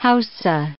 Hausa